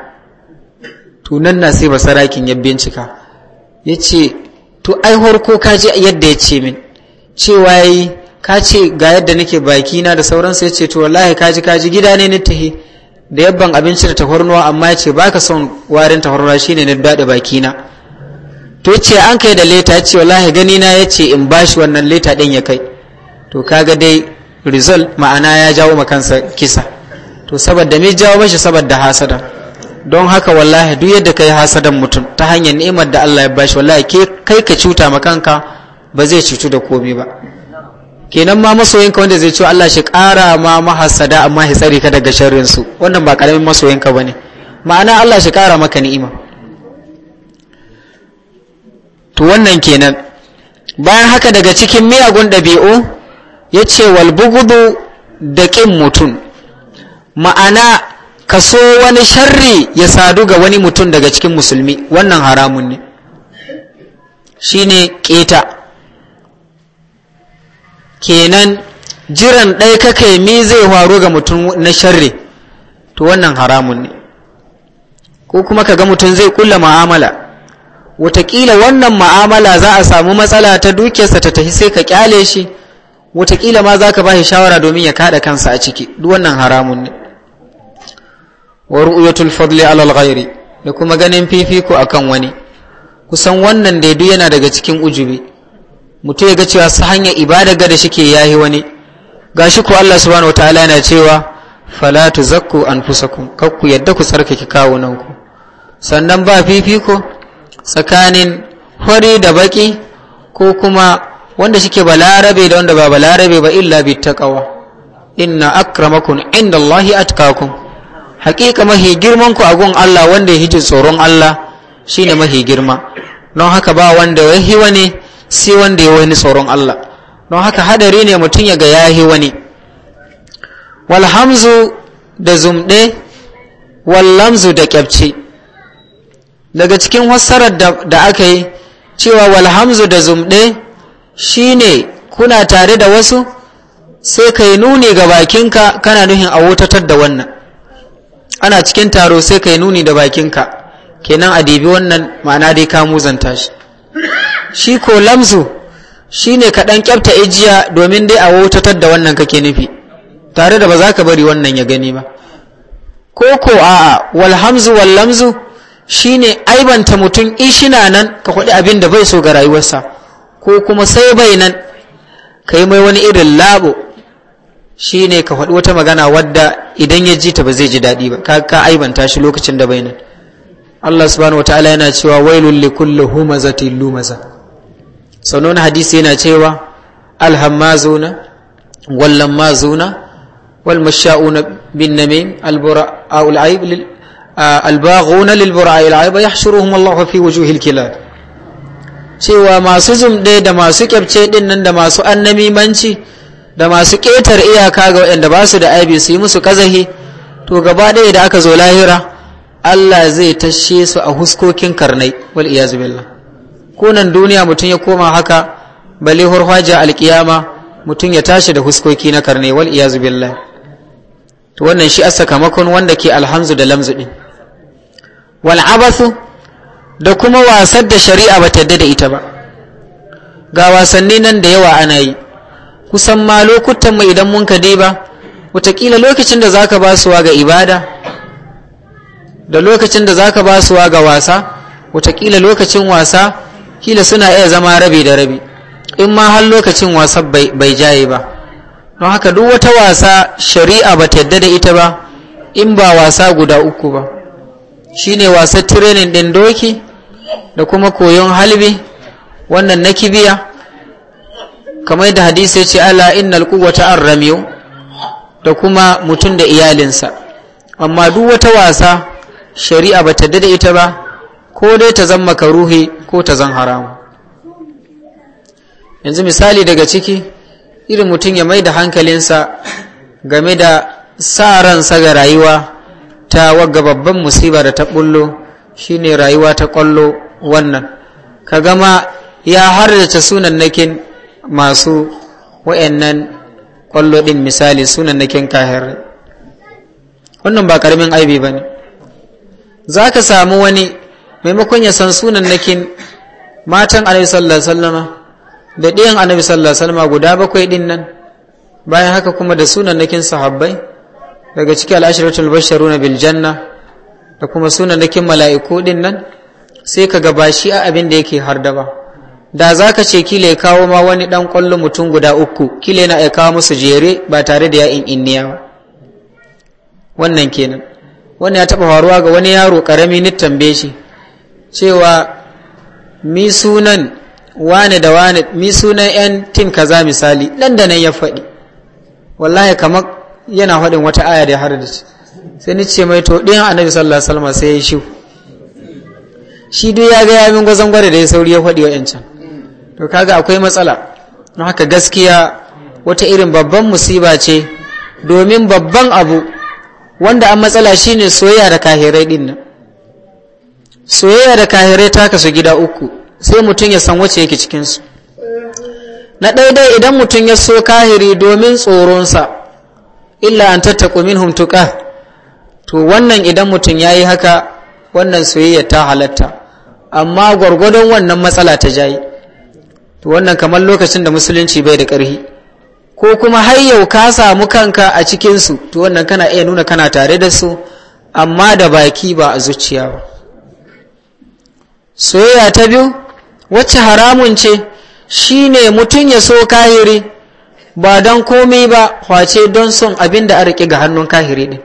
to na sai basarakin ya bincika ya ce to ai harko ka ji yadda ya ce min cewa yi ka ce ga yadda nake na da sauransu ya ce to wallahi kaji kaji gida ne ni tahi da yabban abinci da tahornuwa amma ya ce ba ka son warin tahornuwa shi ne na daɗe na. to ce an kai da leta ce wallahi gani na ya ce in bashi wannan leta ɗin ya kai to kaga dai result ma'ana ya jawo makansa kisa to saboda me jawo mashi saboda hasada don haka wallahi duk yadda kai hasadan mutum ta hanyar ni'imar da Allah ya bashi wallahi ke kai ka cuta ma kanka ba zai cutu da komai ba kenan ma masoyinka wanda zai ce Allah shi kara ma mahasada amma ya tsare ka daga sharrin su wannan ba karamin masoyinka bane ma'ana Allah shi kara maka ni'ima to wannan kenan bayan haka daga cikin miyagun ɗabi'u yace ce bugudu da ƙin mutum ma'ana kaso wani sharri ya sadu ga wani mutum daga cikin musulmi wannan haramun ne Shi ne keta kenan jiran ɗaya yi mi zai faru ga mutum na sharri to wannan haramun ne ko kuma ka ga mutum zai kulla ma'amala Wataƙila wannan ma'amala za a samu matsala ta dukiyarsa ta tafi sai ka kyale shi watakila ma za ka ba shi shawara domin ya kaɗa kansa a ciki duk wannan haramun ne wa ru'yatul fadli al ghairi da kuma ganin fifiko akan wani kusan wannan da duk yana daga cikin ujubi mutum ya ga cewa su hanya ibada ga da shike yahi wani gashi ko Allah subhanahu wataala yana cewa fala tuzakku anfusakum kar ku yadda ku tsarkake kawunan ku sannan ba fifiko tsakanin fari da baki ko kuma wanda shike balarabe da wanda ba balarabe ba illa bi taqwa inna akramakum indallahi atqakum haƙiƙa mahi girman ku a gun Allah wanda ya hiji tsoron Allah shine mahi girma don haka ba wanda ya hi wani sai wanda ya wani tsoron Allah don haka hadari ne mutum ya ga ya hi wani wal hamzu da zumde wal da kyabce daga cikin fassarar da aka yi cewa wal hamzu da zumɗe shine kuna tare da wasu sai ka nuni ga bakinka kana nuhin a wutatar da wannan ana cikin taro sai kai nuni da bakinka kenan a dibi wannan ma'ana dai ka muzanta shi shi ko lamzu shi ne ka ɗan kyafta ijiya domin dai a wautatar da wannan kake nufi tare da ba za ka bari wannan ya gani ba ko ko a'a walhamzu hamzu wal lamzu shi ne aibanta mutum ishina nan ka kwaɗi abin da bai so ga rayuwarsa ko kuma sai bai nan ka yi mai wani irin labo shi ne ka faɗi wata magana wadda idan ya ji ta ba zai ji daɗi ba ka ka aibanta shi lokacin da nan. Allah subhanahu wa ta'ala yana cewa wailul li kulli humazati lumaza sanon hadisi yana cewa alhammazuna wal lamazuna wal mashauna bin namim al bura'u al aib lil albaghuna lil bura'i al aib yahshuruhum Allah fi wujuhil kilab cewa masu zumɗe da masu kyabce ɗin nan da masu annami manci. da masu ƙetar iyaka ga waɗanda ba su da aibi su yi musu kazahi to gaba ɗaya da aka zo lahira Allah zai tashe su a huskokin karnai wal iyazu billah ko nan duniya mutum ya koma haka bale hurhaja alkiyama mutum ya tashi da huskoki na karnai wal iyazu billah to wannan shi a sakamakon wanda ke alhamzu da lamzu din wal abathu da kuma wasar da shari'a ba ta da ita ba ga wasanni nan da yawa ana yi kusan ma lokutan mu idan mun kade ba wataƙila lokacin da zaka basuwa ga ibada da lokacin da zaka basuwa ga wasa wataƙila lokacin wasa kila suna iya zama rabi da rabi in ma har lokacin wasa bai jaye ba don haka duk wata wasa shari'a ba ta yadda da ita ba in ba wasa guda uku ba shine wasa tirenin ɗin doki da kuma koyon halbi wannan na kibiya kamar da hadisi ya ce ala innal quwwata arramiyu da kuma mutum da iyalinsa amma duk wata wasa shari'a ba ta da ita ba ko dai ta zan makaruhi ko ta zan haramu yanzu misali daga ciki irin mutum ya mai da hankalinsa game da sa ransa ga rayuwa ta wagga babban musiba da ta bullo shine rayuwa ta kwallo wannan ka gama ya harda sunan nakin masu wa'annan kwallo ɗin misali sunan na kin kahir wannan ba karamin aibi ba ne za ka samu wani maimakon ya san sunan na kin matan annabi sallallahu alaihi da ɗiyan annabi sallallahu alaihi guda bakwai ɗin nan bayan haka kuma da sunan na kin sahabbai daga ciki al'ashiratul basharu na Biljanna da kuma sunan na kin mala'iku ɗin nan sai ka gabashi a abin da yake har da za ka ce kila ya kawo ma wani ɗan ƙwallo mutum guda uku kila yana ya kawo musu jere ba tare da ya inniya ba wannan kenan Wani ya taɓa faruwa ga wani yaro ƙarami ni tambaye shi cewa mi sunan wane da wane mi sunan 'yan tim kaza misali ɗan da nan ya faɗi wallahi kamar yana faɗin wata aya da har da shi sai ni ce mai to ɗin annabi sallallahu alaihi wasallam sai ya shi shi duk ya ga ya min gwazon gwada da ya sauri ya faɗi wa'yancan to kaga akwai matsala na haka gaskiya wata irin babban musiba ce domin babban abu wanda an matsala shine soyayya da kahirai din nan soyayya da kahirai ta kasu gida uku sai mutum ya san wace yake cikinsu na ɗaiɗai idan mutum ya so kahiri domin tsoronsa illa an tattaku minhum tuka to wannan idan mutum ya yi haka wannan soyayya ta halatta amma gwargwadon wannan matsala ta jayi to wannan kamar lokacin da musulunci bai da ƙarfi ko kuma har yau ka samu kanka a cikinsu to wannan kana iya nuna kana tare da su amma da baki ba a zuciya ba soyayya ta biyu wacce haramun ce shine mutum ya so kahiri ba don komai ba kwace don son abin da a riƙe ga hannun kahiri ɗin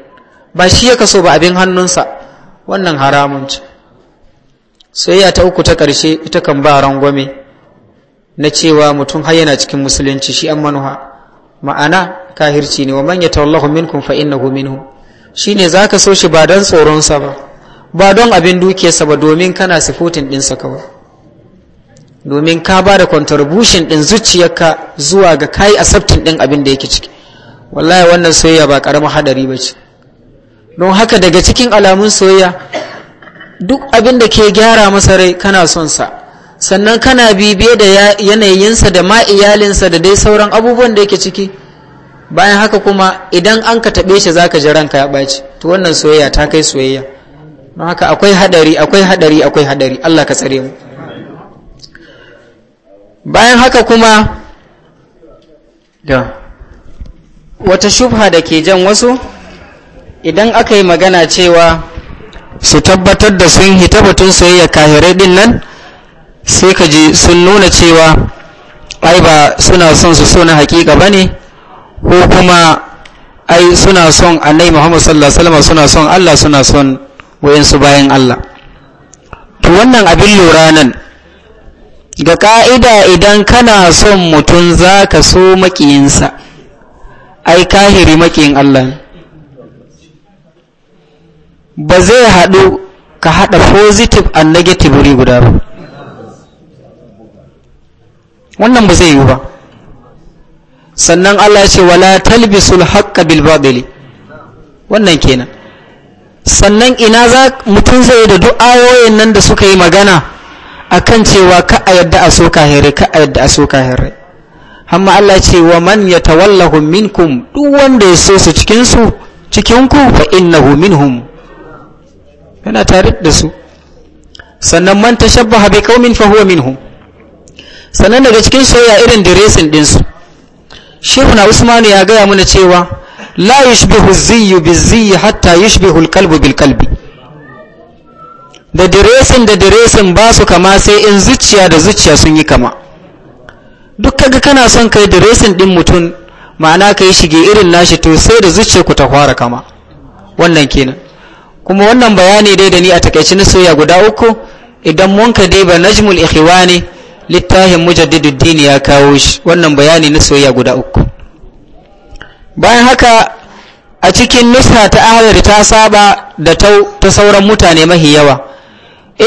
ba shi ya kaso ba abin hannunsa wannan haramun ce soyayya ta uku ta ƙarshe ita kan ba rangwame na cewa mutum har yana cikin musulunci shi an manuha ma'ana kahirci ne wa man yatawallahu minkum fa innahu minhum shine zaka so shi ba don tsoronsa ba ba don abin dukiyarsa ba domin kana sifotin sa kawai domin ka ba da contribution ɗin zuciyarka zuwa ga kayi asabtin ɗin abin da yake ciki wallahi wannan soyayya ba ƙaramin hadari ba ce don haka daga cikin alamun soyayya duk abin da ke gyara masa rai kana son sa sannan kana bibiye da yanayinsa da ma'iyalinsa da dai sauran abubuwan da yake ciki bayan haka kuma idan an ka taɓe shi zaka ji ranka ya ɓaci to wannan soyayya ta kai soyayya don haka akwai hadari akwai hadari akwai hadari Allah ka tsare mu bayan haka kuma wata shubha da ke jan wasu idan aka yi magana cewa su tabbatar da sun hita batun soyayya kahirai din nan sai ka ji sun nuna cewa ai ba suna son su so na hakika ba ne ko kuma ai suna son annai muhammadu sallallahu alaihi suna son allah suna son wayansu bayan allah to wannan abin lura nan ga ka'ida idan kana son mutum za ka so maƙiyinsa ai kahiri maƙiyin allah ba zai haɗu ka haɗa positive and negative wuri guda ba wannan ba zai yi ba sannan Allah ya ce wala talbisul haqqo bil batili wannan kenan sannan ina za mutum zai da duk ayoyin nan da suka yi magana akan cewa ka a yadda a so kahirai ka a yadda a so kahirai amma Allah ce wa man yatawallahu minkum duk wanda ya so su cikin su cikin ku fa innahu minhum yana tare da su sannan man tashabbaha bi qaumin fa huwa minhum sannan daga cikin soya irin diresin ɗinsu shehuna usmanu ya gaya mana cewa la yi, ziyu biziyi hatta yi yushbihu hulƙalbu bilƙalbi. da diresin da diresin ba su kama sai in zuciya da zuciya sun yi kama duk kaga kana son kai diresin ɗin mutum ma'ana ka yi shige irin nashi to sai da zuciya ku ta fara kama wannan kenan kuma wannan bayani dai da ni a takaici na soya guda uku idan mun ka dai ba najmul ikhwani littafin dini ya kawo shi wannan bayani na soyayya guda uku bayan haka a cikin nusa ta ahadar ta saba da ta sauran mutane mahi yawa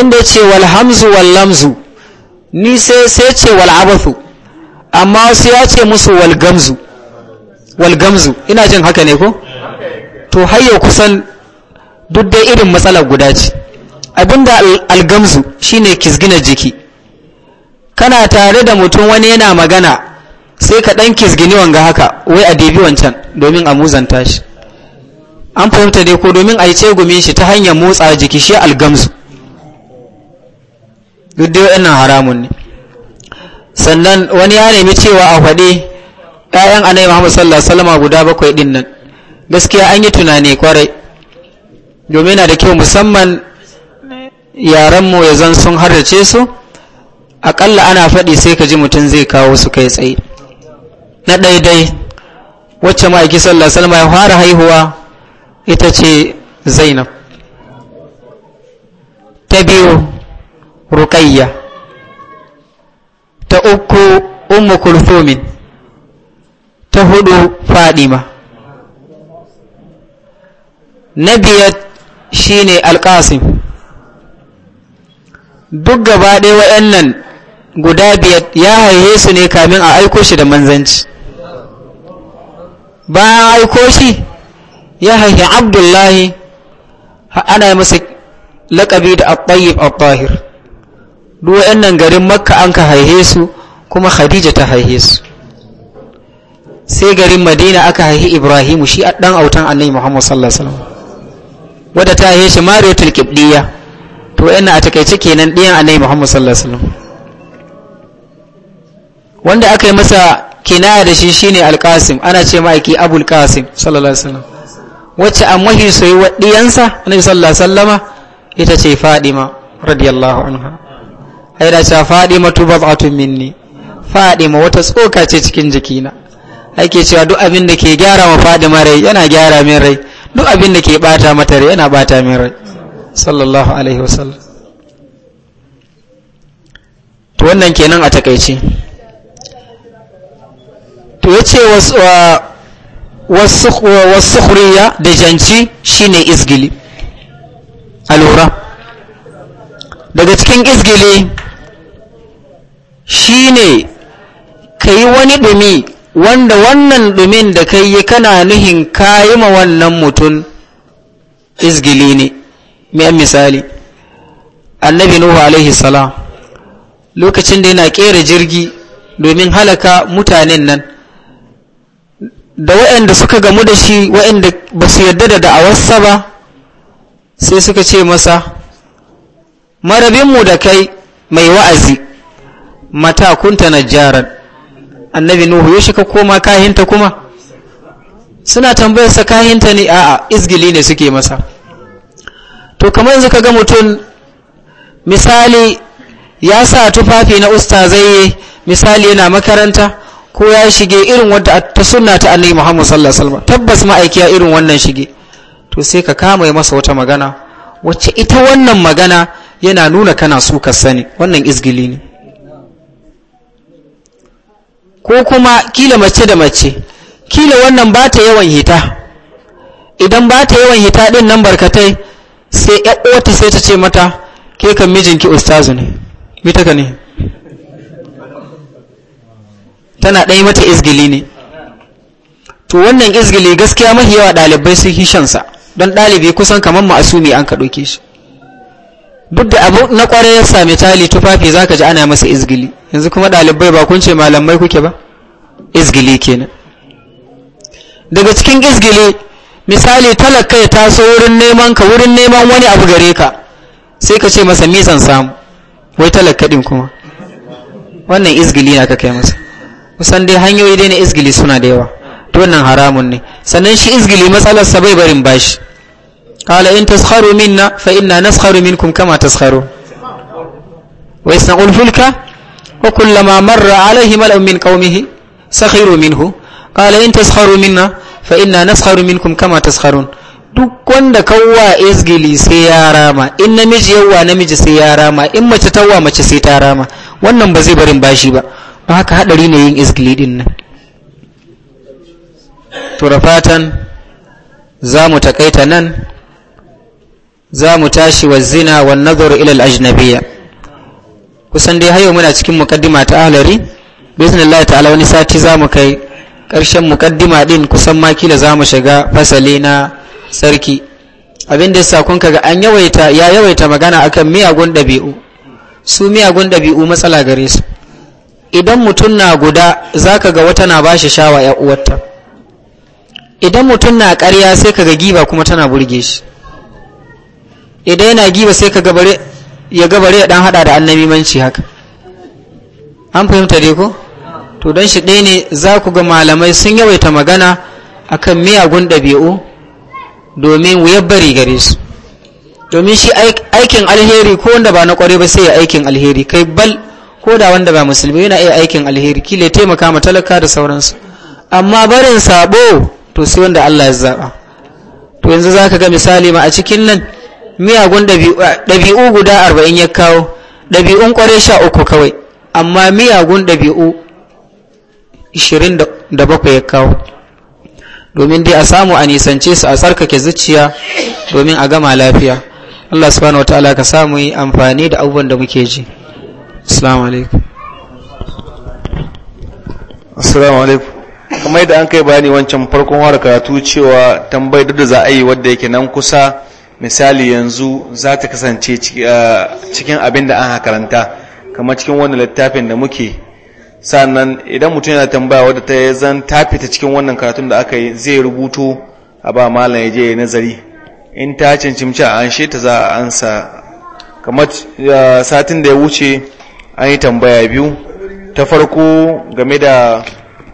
inda ce wal hamzu wal lamzu ni sai sai ce wal amma wasu ya ce musu wal gamzu ina jin haka ne ko to hayyo kusan duk dai irin matsalar guda ce abinda al shine kizgina jiki kana tare da mutum wani yana magana sai ka ɗan kisgini wanga haka wai a dibi wancan domin a muzanta shi an fahimta dai ko domin a yi cegumin shi ta hanyar motsa jiki shi algamsu duk dai waɗannan haramun ne sannan wani ya nemi cewa a faɗi ‘ya'yan anai Muhammad sallallahu salama guda bakwai ɗin nan gaskiya an yi tunani kwarai domin na da kyau musamman yaranmu ya zan sun harace su aƙalla ana faɗi sai ka ji mutum zai kawo su kai tsaye na ɗaiɗai wacce ma'aiki sallallahu alaihi ya fara haihuwa ita ce zainab ta biyu Rukayya. ta uku ummu kulthumin ta hudu fadima na biyar shine alƙasim duk gaba ɗaya waannan guda biyar ya haihe su ne kamin a aiko shi da manzanci bayan aiko shi ya haihe abdullahi ana masa laƙabi da attayyib attahir duk nan garin makka an ka haihe su kuma khadija ta haihe su sai garin madina aka haihe ibrahimu shi a ɗan autan annai muhammad sallallahu wadda ta haihe shi mariyatul kibdiya to yana a takaice kenan ɗiyan annai muhammad sallallahu wanda aka yi masa kinaya da shi shine alkasim ana ce ma'aiki abul kasim sallallahu alaihi wasallam wacce an mahi soyi wa diyansa annabi sallallahu alaihi wasallama ita ce fadima radiyallahu anha ai da ce fadima tubad'atun minni fadima wata tsoka ce cikin jikina ake cewa duk abin da ke gyara ma fadima rai yana gyara min rai duk abin da ke bata mata rai yana bata min rai sallallahu alaihi wasallam to wannan kenan a takaice to ya ce wasu huriya da janci shine izgili a daga cikin izgili shine ka yi wani ɗumi wanda wannan ɗumin da ka yi kana nuhin kayi ma wannan mutum izgili ne mai misali annabi nuhu alaihi salam lokacin da yana kera jirgi domin halaka mutanen nan da waɗanda suka gamu da shi waɗanda ba su yarda da da'awarsa ba sai suka ce masa marabinmu da kai mai wa'azi mata kunta najjaran annabi nuhu ya shika koma kahinta kuma suna tambayarsa kahinta ne a'a izgili ne suke masa to kamar yanzu ka ga mutum misali ya sa tufafi na ustazai misali yana makaranta ko ya shige irin wadda ta sunna ta annabi Muhammad sallallahu alaihi wasallam tabbas ma'aiki ya irin wannan shige to sai ka kama ya masa wata magana wacce ita wannan magana yana nuna kana so ka sani wannan izgili ne ko kuma kila mace da mace kila wannan ba ta yawan hita idan ba ta yawan hita din nan barkatai sai ya sai ta ce mata ke kan mijinki ustazu ne mitaka ne tana ɗaya mata izgili ne to wannan izgili gaskiya mahi yawa ɗalibai sun yi shansa don ɗalibi kusan kamar ma'asumi an ka ɗauke shi duk da abu na ƙwarai ya sami tali tufafi za ka ji ana masa izgili yanzu kuma ɗalibai ba kun ce malamai kuke ba izgili kenan daga cikin izgili misali talaka ya taso wurin neman ka wurin neman wani abu gare ka sai ka ce masa mizan samu wai talaka ɗin kuma wannan izgili na ka kai masa kusan dai hanyoyi dai na izgili suna da yawa to wannan haramun ne sannan shi izgili matsalarsa bai barin bashi qala in taskharu minna fa inna naskharu minkum kama taskharu wa yasna'ul fulka wa kullama marra alayhi mal'un min qaumihi sakhiru minhu qala in taskharu minna fa inna naskharu minkum kama taskharun duk wanda kawwa izgili sai ya rama in namiji yawa namiji sai ya rama in mace tawwa mace sai ta rama wannan ba zai barin bashi ba ba haka haɗari ne yin iskili ɗin nan tura fatan za mu taƙaita nan za mu tashi wa zina wa nazar ilal ajnabiya kusan dai hayo muna cikin mukaddima ta bisnin bismillah ta'ala wani sati za mu kai ƙarshen mukaddima ɗin kusan makila za mu shiga fasali na sarki abin da sakon kaga an yawaita ya yawaita magana akan miyagun ɗabi'u su miyagun ɗabi'u matsala gare su idan mutum na guda za ka ga wata na ba shi shawa wa uwarta idan mutum na ƙarya sai ka ga giba kuma tana burge shi idan yana giba sai ka ya gabare ya dan hada da manci haka an fahimta dai ko to don shi ɗaya ne za ku ga malamai sun yawaita magana kan miyagun ɗabi'u domin wuyabbari bari gare su domin shi aikin alheri ko wanda ba na ƙware ba sai ya aikin alheri kai bal ko da wanda ba musulmi yana iya aikin alheri kile taimaka ma talaka da sauransu amma barin sabo to sai wanda Allah ya zaba to yanzu zaka ga misali ma a cikin nan miyagun ɗabi'u guda arba'in ya kawo ɗabi'un ƙware sha uku kawai amma miyagun ɗabi'u ishirin da bakwai ya kawo domin dai a samu a nisance su a tsarkake zuciya domin a gama lafiya Allah subhanahu wa ta'ala ka samu yi amfani da abubuwan da muke ji assalamu alaikum assalamu alaikum kuma yadda an kai bayani wancan farkon wara karatu cewa tambayar duk da za a yi wadda yake nan kusa misali yanzu za ta kasance cikin abin da an karanta kamar cikin wannan littafin da muke sannan idan mutum yana tambaya wadda ta zan ta cikin wannan karatun da aka yi zai rubuto a ba malam ya je ya nazari in ta cancimci a an ta za a ansa kamar satin da ya wuce an yi tambaya biyu ta farko game da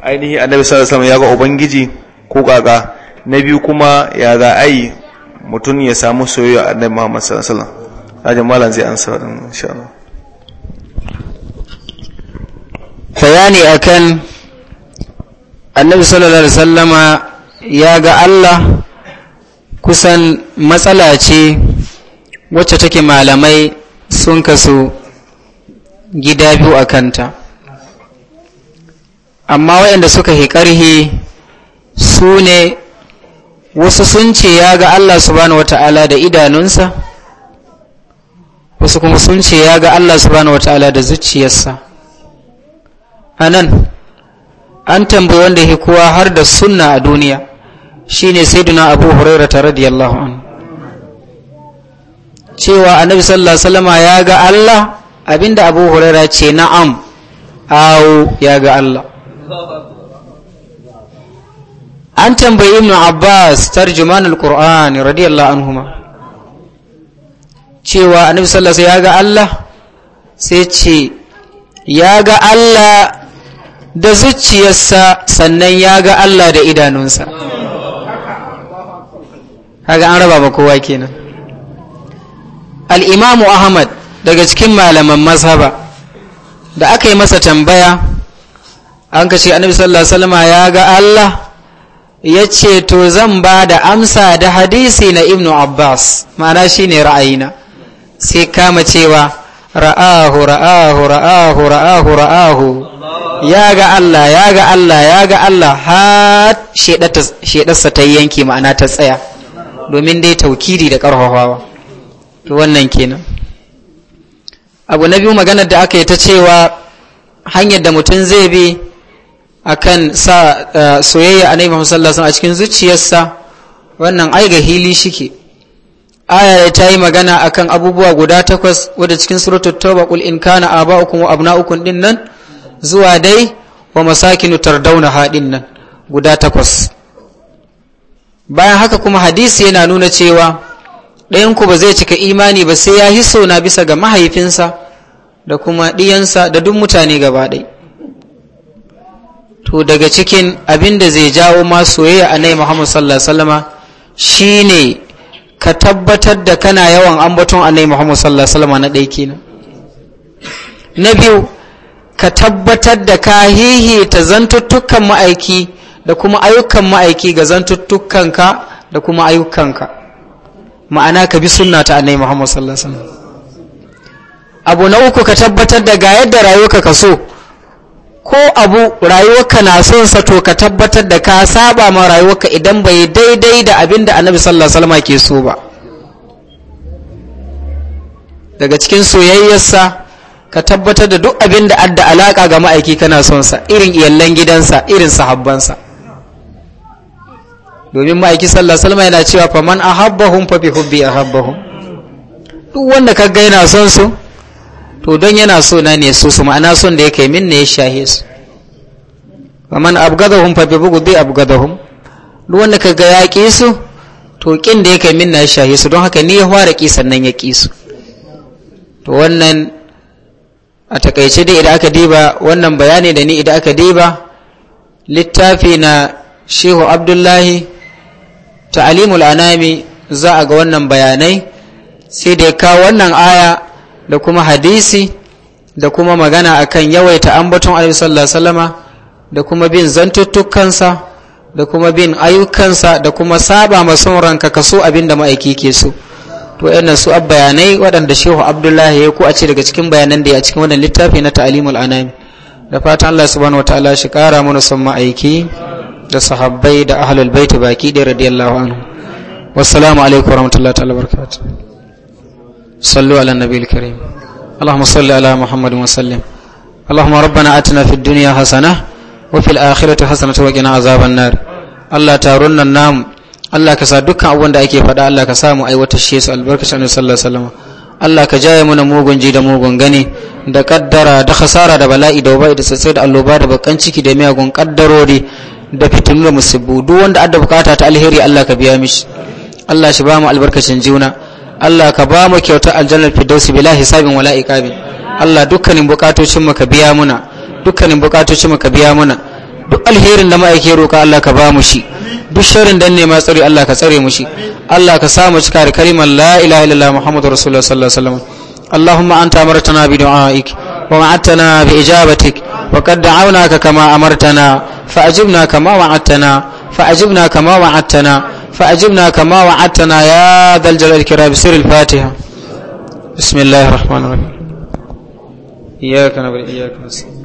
ainihi annabi sallallahu alaihi wasallam ya ga ubangiji ko kaka na biyu kuma ya ga ai mutum ya samu soyayya annabi Muhammad sallallahu alaihi wasallam ajin mallan zai ansa din insha Allah bayani akan annabi sallallahu alaihi wasallam ya ga Allah kusan matsala ce wacce take malamai sun kasu gida biyu a kanta amma waɗanda suka yi ƙarhe su ne wasu sun ce ya ga Allah subhanahu wata'ala da idanunsa wasu kuma sun ce ya ga Allah subhanahu wata'ala da zuciyarsa a nan an tambayi wanda ya kowa har da sunna a duniya shine duna abu tare da anhu cewa annabi sallallahu alaihi wasallama ya ga Allah abinda abu hurera ce na'am awo ya ga Allah an tambayi ibn abbas tarjuman al-qur'an radiyallahu anhuma cewa annabi sallallahu ya ga Allah sai ce ya ga Allah da zuciyarsa sannan ya ga Allah da idanunsa kaga an raba ba kowa kenan al-imamu ahmad daga cikin malaman mazhaba da aka yi masa tambaya an ka ce annabi sallallahu alaihi wasallama ya ga Allah ya ce to zan ba da amsa da hadisi na ibnu abbas ma'ana shine ra'ayina sai kama cewa ra'ahu ra'ahu ra'ahu ra'ahu ra'ahu ya ga Allah ya ga Allah ya ga Allah har shedarsa ta yanke ma'ana ta tsaya domin dai taukiri da karhawawa to wannan kenan abu na biyu magana da aka yi ta cewa hanyar da mutum zai bi a kan sa eh, soyayya a naifin sallallahu a cikin zuciyarsa wannan ai ga hili shike aya ta yi magana a kan abubuwa guda takwas wadda cikin suratun tauba ƙul in kana ba'ukun wa abna'ukum din nan zuwa dai wa masakinu dauna haɗin nan guda takwas bayan haka kuma hadisi yana nuna cewa ɗayanku ba zai cika imani ba sai ya yi na bisa ga mahaifinsa da kuma ɗiyansa da duk mutane gaba ɗai to daga cikin abin da zai jawo ma soyayya a nai muhammad sallallahu alaihi shine ka tabbatar da kana yawan ambaton a nai muhammad sallallahu alaihi na ɗai kenan na biyu ka tabbatar da ka hihita zantuttukan ma'aiki da kuma ayyukan ma'aiki ga ka da kuma ayyukanka ma'ana ka bi sunna ta annabi Muhammad sallallahu abu na uku ka tabbatar da ga yadda rayuwarka ka so ko abu rayuwarka na son sa to ka tabbatar da ka saba ma rayuwarka idan bai daidai da abin da annabi sallallahu alaihi wasallam ke so ba daga cikin soyayyarsa ka tabbatar da duk abin da adda alaka ga ma'aiki kana son sa irin iyallan gidansa irin sahabbansa domin ma'aiki sallallahu alaihi wasallam yana cewa faman ahabbahum fa bi hubbi ahabbahum duk wanda ka ga yana son su to don yana so na ne su su ma'ana son da yake min ne ya shahe su faman abgadahum fa bi bughdi abgadahum duk wanda ka ga ya ki su to kin da yake min na ya shahe su don haka ni ya fara ki sannan ya ki su to wannan a takaice dai idan aka diba wannan bayani da ni idan aka diba littafi na shehu abdullahi ta'alimul anami za a ga wannan bayanai sai da ya kawo wannan aya da kuma hadisi da kuma magana akan yawaita ambaton alaihi sallallahu sallama da kuma bin zantuttukansa da kuma bin ayyukansa da kuma saba masu ranka kaso abin da ma'aiki ke so to yana su ab bayanai waɗanda shehu abdullahi ya ku a ce daga cikin bayanan da ya cikin wannan littafi na ta'alimul anami da fatan Allah subhanahu wataala shi kara mana son ma'aiki da sahabbai da ahlul baiti baki ɗaya radiyallahu anhu wassalamu alaikum warahmatullahi ta'ala barakatuh sallu ala nabiyil karim اللهم صل على محمد وسلم اللهم ربنا اتنا في الدنيا حسنه وفي الاخره حسنه وقنا عذاب النار الله تارون النام الله كسا dukkan abun da ake fada Allah ka samu aiwatar shi su albarkacin Annabi sallallahu alaihi wasallam Allah ka jaye mana mugun ji da mugun gani da kaddara da khasara da bala'i da wabai da sassai da alloba da bakan ciki da miyagun kaddarori da fitinu da musibbu duk wanda adda bukata ta alheri Allah ka biya mishi Allah shi ba mu albarkacin juna Allah ka ba mu kyautar aljannar firdausi bila hisabin wala iqabin Allah dukkanin bukatocin mu ka biya muna dukkanin bukatocin mu ka biya muna duk alherin da ma'aike roka Allah ka ba mu shi duk sharrin dan nema tsare Allah ka tsare mu shi Allah ka sa mu cika da kalimar la ilaha illallah muhammadur rasulullah sallallahu alaihi wasallam اللهم أنت أمرتنا بدعائك ووعدتنا بإجابتك وقد دعوناك كما أمرتنا فأجبنا كما وعدتنا فأجبنا كما وعدتنا فأجبنا كما وعدتنا يا ذا الجلال الكرام بسر الفاتحة بسم الله الرحمن الرحيم إياك نعبد إياك نستعين